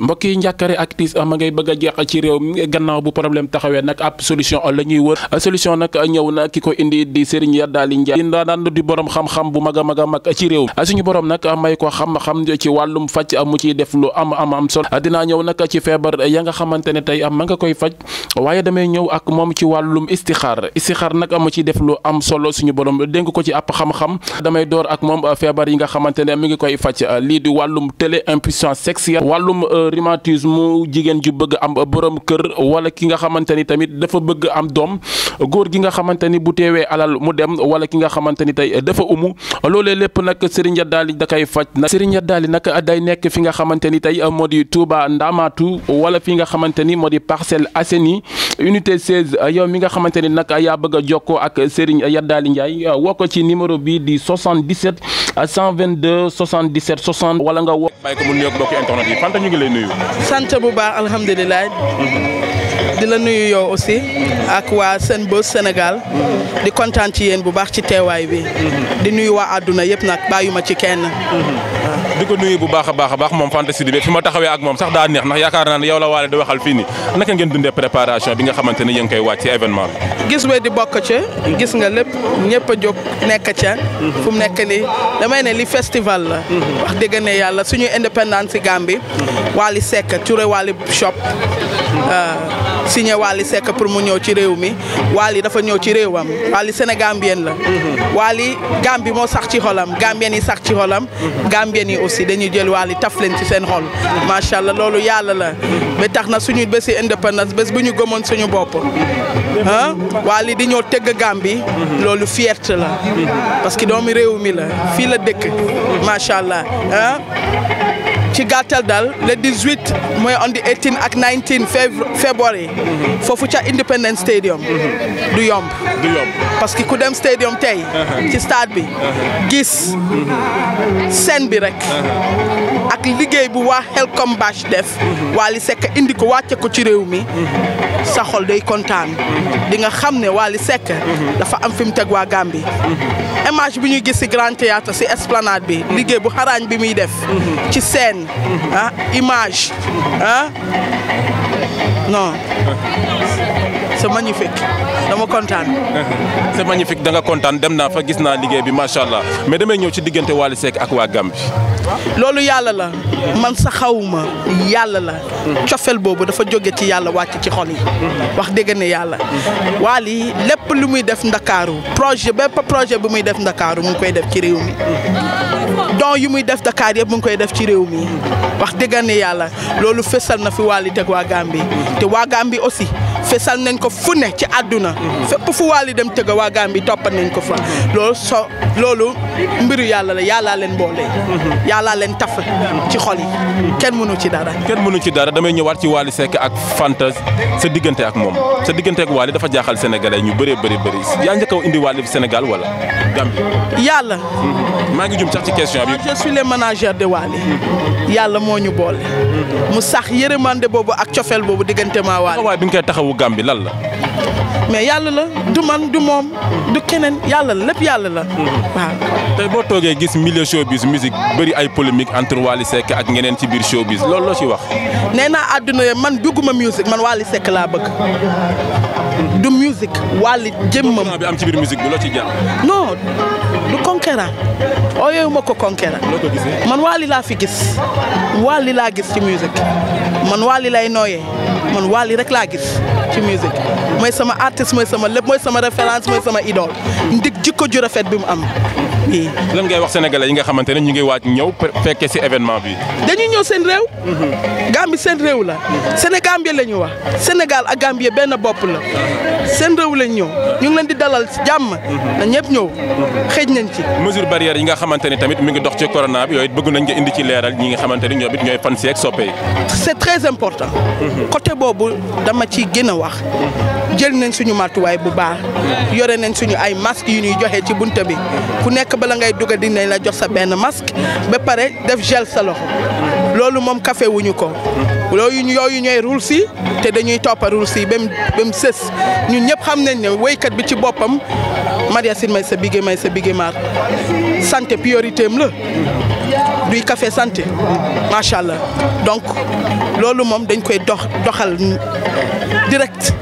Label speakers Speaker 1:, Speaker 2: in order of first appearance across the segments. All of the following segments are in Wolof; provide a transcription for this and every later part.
Speaker 1: mbokk yi njàkkare ak tiis ah, ma ngay bëgg a jeex ci réew mi gannaaw bu problème taxawee nag ab solution la ñuy wër solution nag ñëw na ki ko indi di Serigne Yadaly Ndiaye di daan di borom xam bu mag a mag mag ci réew ah, suñu borom nag may ko xam-xam ci wàllum faj ah, mu ciy def lu am am solo dinaa ñëw nag ci feebar ya nga xamante ne tey ma nga koy faj waaye damay ñëw ak moom ci wàllum istixaar istixaar nag mu ciy def lu am solo suñu borom dénk ko ci ab xam-xam damay door ak moom feebar yi nga xamante ne mi ngi koy faj lii di wàllum télé impuissance sexuelle wàllum euh, rhumatisme jigéen ju bëgg am borom kër wala ki nga xamante ni tamit dafa bëgg am doom góor gi nga xamante ni bu teewee alal mu dem wala ki nga xamante ni tey dafa umu loole lépp nag Serigne Yadaly da koy faj nag Serigne Yadaly nag day nekk fi nga xamante ni tey moo di Touba ndaamaatu wala fi nga xamante ni moo di Parcelles Assainies unité 16 yow mi nga xamante ni nag yaa bëgg a jokkoo ak Serigne ya Ndiaye njaay ko ci numéro bi di 77 122 77 wala nga bàyyi mu nuyoog mbokki internet yi Fanta ñu ngi lay nuyu. sant bu baax alhamdulilah.
Speaker 2: di la nuyu yow aussi. ak waa Senbuzz senegal di kontaan ci yéen bu baax ci teewaay bi. di nuyu waa àdduna yëpp nag bàyyuma ci kenn.
Speaker 1: di ko nuyu bu baax a baax a baax moom fantasi bi fi ma taxawee ak moom sax daa neex ndax yaakaar naa ne yow la waale di waxal fii nii naka ngeen dundee préparation bi nga xamante ne yéen koy ci événement
Speaker 2: bi gis we di bokk ci gis nga lépp ñëpp a jóg nekk ca fu mu nekk nii damay ne li festival la wax dëgg ne yàlla suñu indépendance si Gambie Wally Seck Touré Shop ah. signé Wally Seck pour mu ñëw ci réew mi Wally dafa ñëw ci réewam Wally sénégambien la Wally Gambie moo sax ci xolam gambien yi sax ci xolam gambien yi aussi dañuy jël Wally taf leen ci seen xol macha allah loolu yàlla la ba tax na suñu bési indépendance bés bu ñu gëmoon suñu bopp ah Wally di ñëw tëgg Gambie loolu fierté la parce que doomu réew mi la fii la dëkk macha allah ci gàttal daal le 18 mooy on the 18 ak 19 février foofu ca Independence Stadium mhm. du yomb du yomb parce que ku dem stadium tey uh-huh. ci stade bi
Speaker 3: uh-huh.
Speaker 2: gis uh-huh. scène bi rek liggéey bu waa Helcom Bache def Wally Seck indi ko wàcce ko ci réew mi sa xol day kontaan di nga xam ne Wally Seck dafa am fi mu teg waa bi image bi ñuy gis ci grand théâtre ci esplanade bi liggéey bu xaraañ bi muy def ci scène ah, image ah. c'est magnifique dama kontaan.
Speaker 1: c'est magnifique da nga kontaan dem naa fa gis naa liggéey bi macha allah mais damay ñëw ci diggante Wally Seck ak waa Gambie.
Speaker 2: loolu yàlla la man sa xawuma yàlla la. cofeel boobu dafa jóge ci yàlla wàcc ci xol yi wax dëgg ne yàlla Wally lépp lu muy def ndakaaru projet bépp projet bu muy def ndakaaru mu ngi koy def ci réew mi don yu muy def Dakar mu ngi koy def ci réew mi wax dëgg ne yàlla loolu fésal na fi Wally teg waa bi te waa bi aussi fesal nañ ko fu ne ci àdduna fépp fu Wally dem tëgg waa bi toppat nañ ko fa loolu so loolu mbiru yàlla la yàllaa leen boole yàllaa leen taf ci xol kenn mënu ci
Speaker 1: dara damay ñëwaat ci Wally Seck ak Fanta sa diggante ak moom sa diggante ak Wally dafa jaaxal sénégalais ñu bëree bëri bëri yaa njëkk a indi Wally Sénégal wala Gambie. yàlla. Mhm. maa ngi jum sax ci question bi.
Speaker 2: je suis de Wally. yàlla moo ñu boole. mu sax yërëmande boobu ak cofeel
Speaker 1: boobu diggante maa Wally. waaye bi nga koy taxawu Gambie lan la.
Speaker 2: mais yàlla la du man du moom du keneen yàlla la lépp yàlla la mhm. waaw.
Speaker 1: tey boo toogee gis milieu showbiz musique bëri ay polémique entre Wally sekk ak ñeneen ci biir showbiz loolu loo ci wax.
Speaker 2: nee naa àdduna yooyu man dugguma musique man Wally sekk laa bëgg du musique Wally jëmmam. bi am ci biir musique bi ma ko concurrent. loo ko gisee laa fi gis Wally laa gis ci musique man Wally lay nooyee man Wally rek laa gis ci musique mooy sama artiste mooy sama lépp mooy sama référence mooy sama idole ndig jikko ju rafet bi mu am.
Speaker 1: bi. lan ngay wax sénégalais yi nga xamante ne ñu ngi waaj ñëw fekke ci événement bi.
Speaker 2: dañuy ñëw seen réew. Mhm. Gambie seen réew la. Mhm. Sénégambie la ñu wax Sénégal ak Gambie benn bopp la. seen réew lañ ñëw ñu ngi leen di dalal si jàmm mhm. na ñëpp ñëw mhm. xëj nañ ci
Speaker 1: mesure barrière yi nga xamante ni tamit mu ngi dox ci corona bi yooyu bëgg nañ nga indi ci leeral ñi nga xamante ni ñoom it ñooy fan si ak soppe yi
Speaker 2: c'est très important mhm. côté boobu dama ci gën a wax jël nañ suñu matuwaay bu baax yore nañ suñu ay masques yu ñuy joxe ci bunt bi ku nekk bala ngay dugal dinañ la jox sa benn masque ba pare def gel sa loxo loolu moom kafewuñu ko loolu yooyu ñooy rul si te dañuy toppa rul si ba mu ba sës ñun ñëpp xam nañ ne woykat bi ci boppam Maria Sin may sa bigé may sa bigé maar santé priorité am la duy café santé macha allah donc loolu moom dañ koy dox doxal direct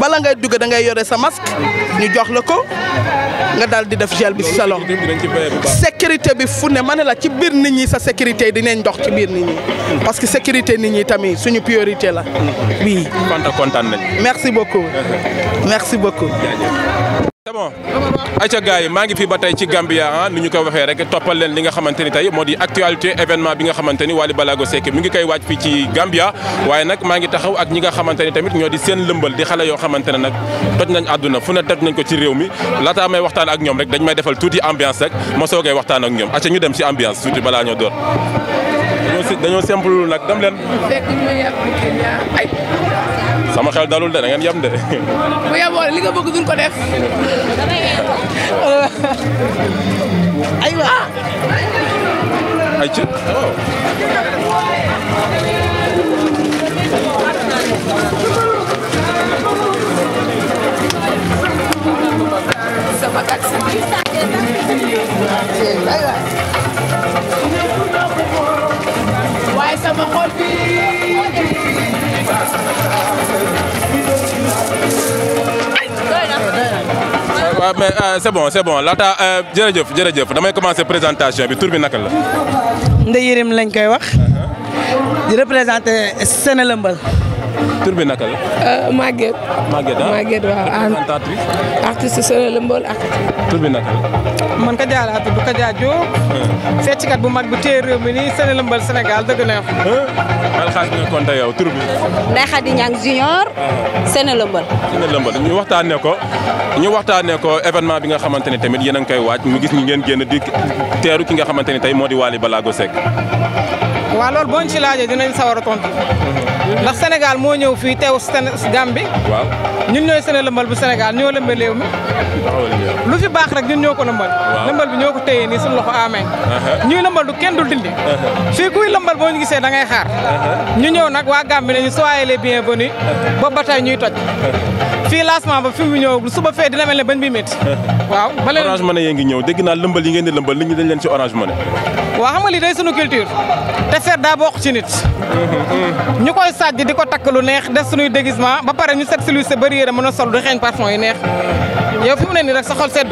Speaker 2: bala ngay dugg da ngay yore sa masque ñu jox la ko nga daal di def gel bi si sa loxo sécurité bi fu ne ma ne la ci biir nit ñi sa sécurité dinañ dox ci biir nit ñi parce que sécurité nit ñi tamit suñu priorité la
Speaker 1: oui kontaan kontaan nañ
Speaker 2: merci beaucoup merci beaucoup
Speaker 1: c'est bon ayca yi maa ngi fii ba tey ci Gambia ah ni ñu ko waxee rek toppal leen li nga xamante ni tey moo di actualité événement bi nga xamante ni Wally Ballago Seck mi ngi koy waaj fii ci Gambia waaye nag maa ngi taxaw ak ñi nga xamante ni tamit ñoo di seen lëmbal di xale yoo xamante ne nag toj nañ àdduna fu ne toj nañ ko ci réew mi laataa may waxtaan ak ñoom rek dañ may defal tuuti ambiance rek ma soogee waxtaan ak ñoom ayca ñu dem si ambiance tuuti balaa ñoo door dañoo simple nag dem leen sama xel dalul de da ngeen yem de.
Speaker 3: bu yeboo li nga bëgg duñ ko def.
Speaker 4: aywa.
Speaker 1: ay ci waaw.
Speaker 3: sama taxi. waaye sama xol bi.
Speaker 1: waaw euh, mais euh, c' est bon c' est bon laata euh, jërëjëf jërëjëf damay commencer présentation bi tur bi naka la.
Speaker 4: Ndeye Yérim lañ koy wax. Uh-huh. di représenter Sénélambal. tur bi naka la. Euh, Maguette. Maguette ah Maguette waaw. cantatrice. artiste Sërël
Speaker 5: Mbol
Speaker 1: ak. tur naka la.
Speaker 5: man ka jaa laa tudd ka jaa Diop. feccikat hmm. bu mag bu téye
Speaker 1: réew mi nii Sërël Mbol Sénégal dëgg neex. Hmm. alxames bi nga konta yow tur bi.
Speaker 6: Ndeye junior. Sërël Mbol.
Speaker 1: Sërël Mbol ñu waxtaanee ko ñu waxtaanee ko événement bi nga xamante ne tamit yéen a ngi koy waaj mu gis ñu ngeen génn di teeru ki nga xamante ne tey moo di Wally Ballago Seck.
Speaker 5: waaw loolu boo ñu ci laajee dinañ sawar a tontu mhm. ndax Sénégal moo ñëw fii teew Gambie waaw ñun ñooy seen lëmbal bu Sénégal ñoo lëmbal réew mi lu fi baax rek ñun ñoo ko lëmbal lëmbal bi ñoo ko téye nii suñu loxo amee uh-huh. ñuy lëmbal du kenn dul dindi
Speaker 1: uh-huh.
Speaker 5: fii kuy lëmbal boo ñu gisee da ngay xaar
Speaker 1: uh-huh.
Speaker 5: ñu ñëw nag waa Gambie ne ñu soyez les bienvenus ba ba tey ñuy toj fii lancement ba fi mu ñëw suba fee dina mel ne bañ bi métti
Speaker 1: waaw ba leen orange money yi ngi ñëw dégg naa lëmbal yi ngeen di lëmbal nit ñi dañ leen ci orange money
Speaker 5: waa xam lii day sunu culture te feet daa bokk ci ñu koy sàjj di ko takk lu neex def sunuy déguisement ba pare ñu set si lu sa bëri yére mën a sol di xeeñ parfum yu neex yow fi mu ne nii rek sa xol sedd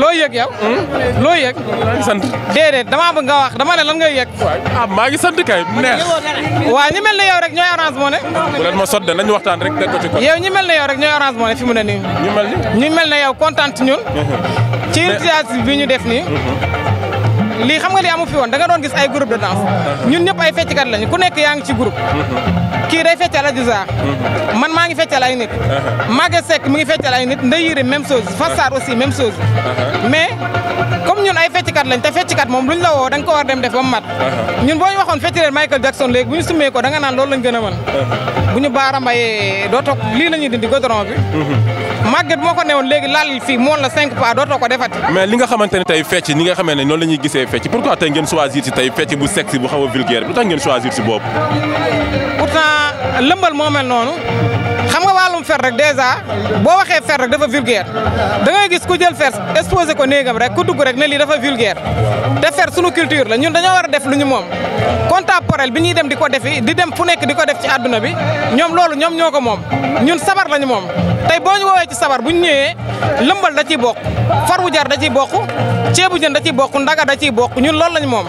Speaker 5: loo yëg yow. loo yëg. maa ngi sant. déedéet damaa bëgg nga wax dama ne lan ngay yëg. ah maa ngi sant kay neex. waaw ñi mel ne yow rek ñooy Orange Money.
Speaker 1: bu leen ma sottee nañu waxtaan rek teg ko ci kaw.
Speaker 5: yow ñi mel ne yow rek ñooy Orange Money fi mu ne nii. ñu mel ñu mel ne yow kontaan ñun.
Speaker 1: ci initiative bi ñu def nii. Mhm.
Speaker 5: lii xam nga li amu fi woon da nga doon gis ay groupe de danse ñun ñëpp ay fecckat lañu ku nekk yaa ngi ci groupe kii day feccal ak Adiouza man maa ngi feccal ay nit uh-huh. Maguette Seck mi ngi feccal ay nit Ndeye Yiri même chose Fassar aussi même chose uh-huh. mais ñun ay feccikat lañ te feccikat moom luñ la ko war dem def ba mu mat uh-huh. ñun boo ñu waxoon fecci leen Michael Jackson léegi bu ñu summee ko da nga naan loolu lañ a uh-huh. bu ñu baara mbayee doo toog lii la ñuy dindi goudron bi uh-huh. màgget moo ko newoon léegi laal fii moon la cinq pas dootoo ko defati
Speaker 1: mais li nga xamante ne tey fecc ni nga xamee ne noonu la ñuy gisee fecc pourquoi tey ngeen choisir si tey fecc bu sexy bu xaw a vulgaire bi lu tax ngeen choisir si boobu
Speaker 5: pourtant lëmbal moo mel fer rek dèjà boo waxee fer rek dafa vulgaire da ngay gis ku jël fer exposé ko néegam rek ku dugg rek ne lii dafa vulgaire te fer sunu culture la ñun dañoo war a def lu ñu moom contemporain bi ñuy dem di ko defi di dem fu nekk di ko def ci àdduna bi ñoom loolu ñoom ñoo ko moom ñun sabar lañu moom tey boo ñu woowee ci sabar bu ñu ñëwee lëmbal da ciy bokk farwu jar da ciy bokk ceebu jën da ciy bokk ndaga da ciy bokk ñun loolu lañ moom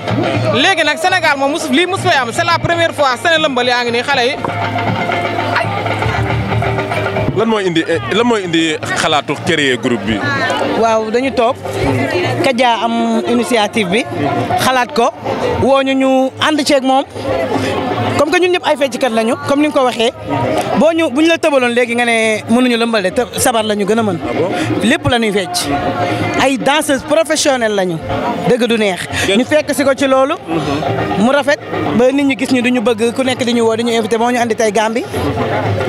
Speaker 5: léegi nag Sénégal moom mus lii mus fay am la première fois sene lëmbal ngi nii xale
Speaker 1: lan mooy indi eh, lan mooy indi xalaatu créer group bi.
Speaker 4: waaw dañu toog kajaa am initiative bi xalaat ko woo ñu ñu ànd ceeg moom comme que ñun ñëpp ay feccikat lañu comme ni nga ko waxee boo ñu bu la tëbaloon léegi nga ne mënuñu lëmbale te sabar la ñu gën a mën ah lépp la ñuy fecc ay danseuse professionnel lañu dëgg du neex. ñu fekk si ko ci loolu. Mhm. mu rafet ba ni ñu gis ñu du bëgg ku nekk di ñu woo di ñu moo ñu andi tay Gambie.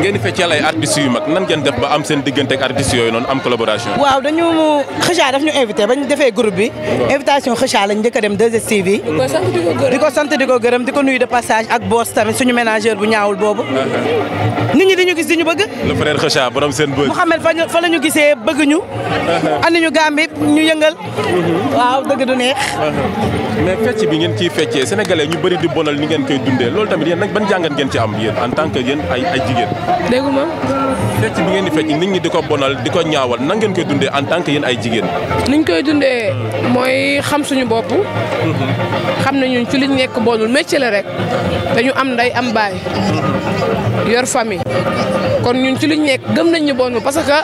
Speaker 1: ngeen di feccal ay artistes yu mag nan ngeen def ba am seen diggante ak artistes yooyu noonu am collaboration.
Speaker 4: waaw dañu xëcaa daf ñu invité bañ defee groupe bi. invitation a dem 2 di ko sant di ko gërëm di ko sant di passage ak boss tamit suñu ménageur bu ñaawul boobu.
Speaker 1: Ah, ah.
Speaker 4: nit ñi dañu gis di ñu bëgg. le
Speaker 1: frère xëcaa borom seen bëgg.
Speaker 4: Mouhamed fa fa la gisee bëgg ñu. Ah, andi ñu Gambie ñu yëngal. Mhm. waaw dëgg du neex.
Speaker 1: mais fecc bi ngeen ciy feccee sénégalais ñu bëri di bonal ni ngeen koy dundee loolu tamit yéen nag ngeen ci am yéen en tant que yéen ay jigéen. fecc bi ngeen di fecc nit ñi di ko bonal di ko ñaawal nan ngeen koy dundee en tant que ay jigéen.
Speaker 3: niñ koy dundee mooy xam suñu bopp. xam nañu ci liñ nekk bonul métier la rek dañu am nday am baay yor famille. kon ñun ci luñ nekk gëm nañ ñu bonul que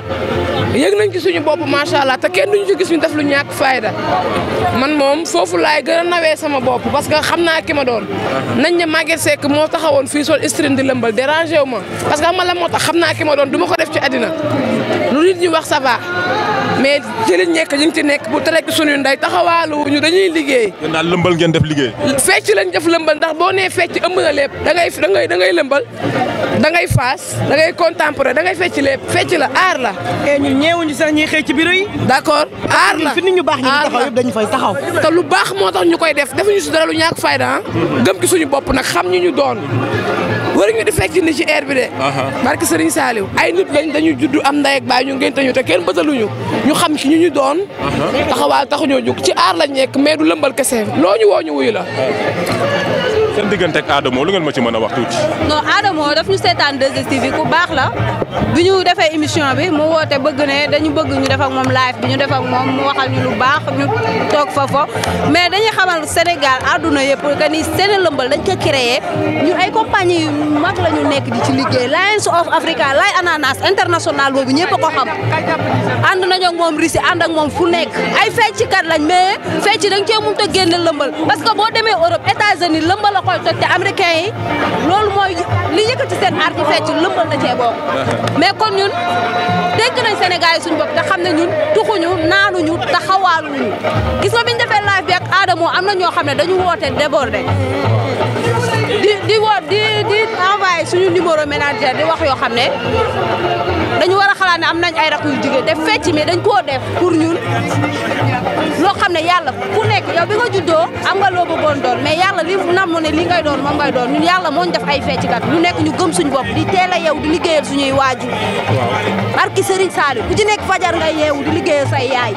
Speaker 3: yëg nañ ci suñu bopp macha allah te kenn duñu ci gis ñu def lu ñàkk fayda man moom foofu laay gën a nawee sama bopp parce que xam naa ki ma doon nañ ne Maguette Seck moo taxawoon fii sol istrin di lëmbal dérangé wu ma parce que xam moo tax xam naa ki ma doon du ma ko def ci àddina lu nit ñu wax ça va mais ci liñ nekk ñu ci nekk bu tere ci suñu ndey taxawaalu ñu dañuy liggéey.
Speaker 1: yéen lëmbal ngeen def liggéey.
Speaker 3: fecc lañ def lëmbal ndax boo nee fecc ëmb na lépp da ngay da ngay da ngay ngay faas da ngay contemporain da ngay fecc lépp fecc la aar la. et eh, ñun ñeewuñu sax ñuy xëy ci bureau yi. d' accord aar la fi nit ñu baax ñu taxaw yëpp dañu fay taxaw. te lu baax moo tax ñu koy def defuñu si dara lu ñàkk fayda ah. gëm ki suñu bopp nag xam ñu ñu doon. waruñu di fekk ni ci air bi de. barke Serigne Saliou ay nit lañ dañu juddu am ndey ak ñu ngénte ñu te kenn
Speaker 1: bëtaluñu ñu xam ci ñu ñu doon. taxawaal taxuñoo jóg ci aar la nekk mee du lëmbal kese loo ñu woo ñu wuyu la. seen diggante ak Adamo lu ngeen ma ci mën a wax tuuti.
Speaker 6: non Adamo daf ñu seetaan 2STV ku baax la bi ñu defee émission bi mu woote bëgg ne dañu bëgg ñu def ak moom live bi ñu def ak moom mu waxal ñu lu baax ñu toog fa fo mais dañuy xamal Sénégal àdduna yëpp que ni Séné Lëmbël dañ ko créé ñu ay compagnie yu mag la ñu nekk di ci liggéey Lions of Africa lay ananas international boobu ñëpp a ko xam ànd nañu ak moom risi ànd ak moom fu nekk ay feccikat lañ mais fecc dañ a génne koy toj te américain yi loolu mooy li yëkkati seen aar ci fecc lëmbal na cee bokk. mais kon ñun dégg nañ Sénégal yi suñu bopp te xam ne ñun tuxuñu naanuñu taxawaaluñu gis nga bi ñu defee live bi ak Adamo am na ñoo xam ne dañu woote débordé di di woo di di envoyé suñu numéro ménagère di wax yoo xam ne dañu war xalaat ne am nañ ay rak yu jigéen te fecc mi dañ koo def pour ñun loo xam ne yàlla ku nekk yow bi nga juddoo am nga loo bëggoon doon yàlla li nam ne li ngay doon moom ngay doon ñun yàlla moo ñu def ay fecckat lu nekk ñu gëm suñu bopp di teel a yeewu di liggéeyal suñuy waajur barki Serigne Saliou ku ci nekk fajar ngay yeewu di liggéeyal say yaay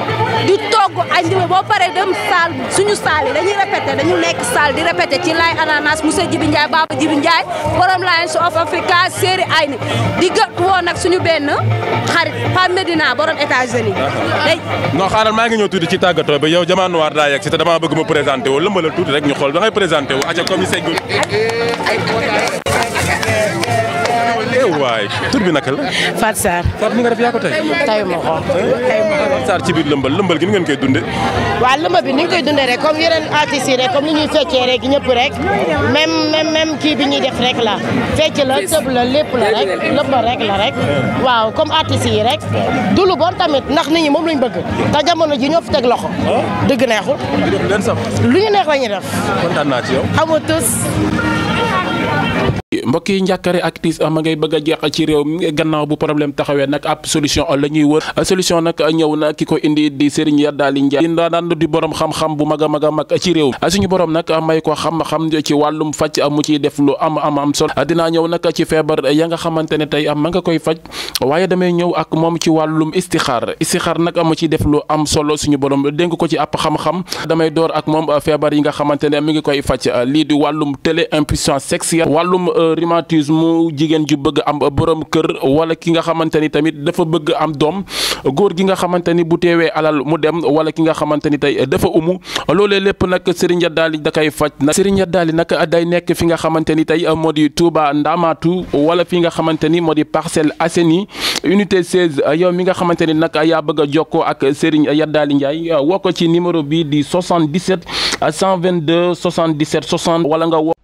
Speaker 6: di togg añ di boo paree dem saal suñu saal yi dañuy répété dañu nekk saal di répété ci laay ananas monsieur Jibi Ndiaye Baba Jibi Ndiaye of Africa série ay ni di gët woon nag suñu benn xarit Pape Medina borom États-Unis day
Speaker 1: xaaral maa ngi ñëw tuuti ci say good. eh waay tur bi naka la.
Speaker 4: Fat Sarr. Fat mi nga ko tey. tey ma ko tey
Speaker 1: ko. Fat Sarr ci biir lëmbal lëmbal gi ni ngeen koy dundee.
Speaker 4: waaw lëmbal bi ni koy dundee rek comme yeneen artistes yi rek comme ni ñuy feccee rek ñëpp rek même kii bi ñuy def rek la fecc la tëb la lépp la rek lëmbal rek la rek waaw comme artistes yi rek du lu bon tamit ndax nit ñi moom lañ bëgg te jamono ji ñoo fi teg loxo. Ah. dëgg neexul. lu ñu neex la def.
Speaker 1: kontaan
Speaker 4: tus.
Speaker 1: mbokk yi njàkkare actrice ah, ma ngay bëgg a jeex ci réew mi gannaaw bu problème taxawee nag ab solution la ñuy wër ah, solution nag ñëw na ki ko indi di Serigne Yadaly Ndiaye di daan di borom xam-xam bu mag a mag a mag ci réew ah, suñu borom nag may ko xam-xam ci wàllum faj mu ciy def lu am am am sol dinaa ñëw nag ci feebar ya nga xamante ne tey ma nga koy faj waaye damay ñëw ak moom ci wàllum istixaar istixaar nag mu ciy def lu am solo suñu borom dénk ko ci ab xam damay door ak moom feebar yi nga xamante ne mi ngi koy faj lii di wàllum télé impuissance sexuelle Euh, rhumatisme jigéen ju bëgg am borom kër wala ki nga xamante ni tamit dafa bëgg am doom góor gi nga xamante ni bu teewee alal mu dem wala ki nga xamante ni tey dafa umu loole lépp nag Serigne Yadaly da koy faj nag Serigne Yadaly nag day nekk fi nga xamante ni tey moo di Touba ndaamaatu wala fi nga xamante ni moo di Parcelles Assainies unité 16 yow mi nga xamante ni nag yaa bëgg a jokkoo ak Serigne Yadaly Ndiaye woo ko ci numéro bi di 77
Speaker 6: 122 77 60 wala nga woo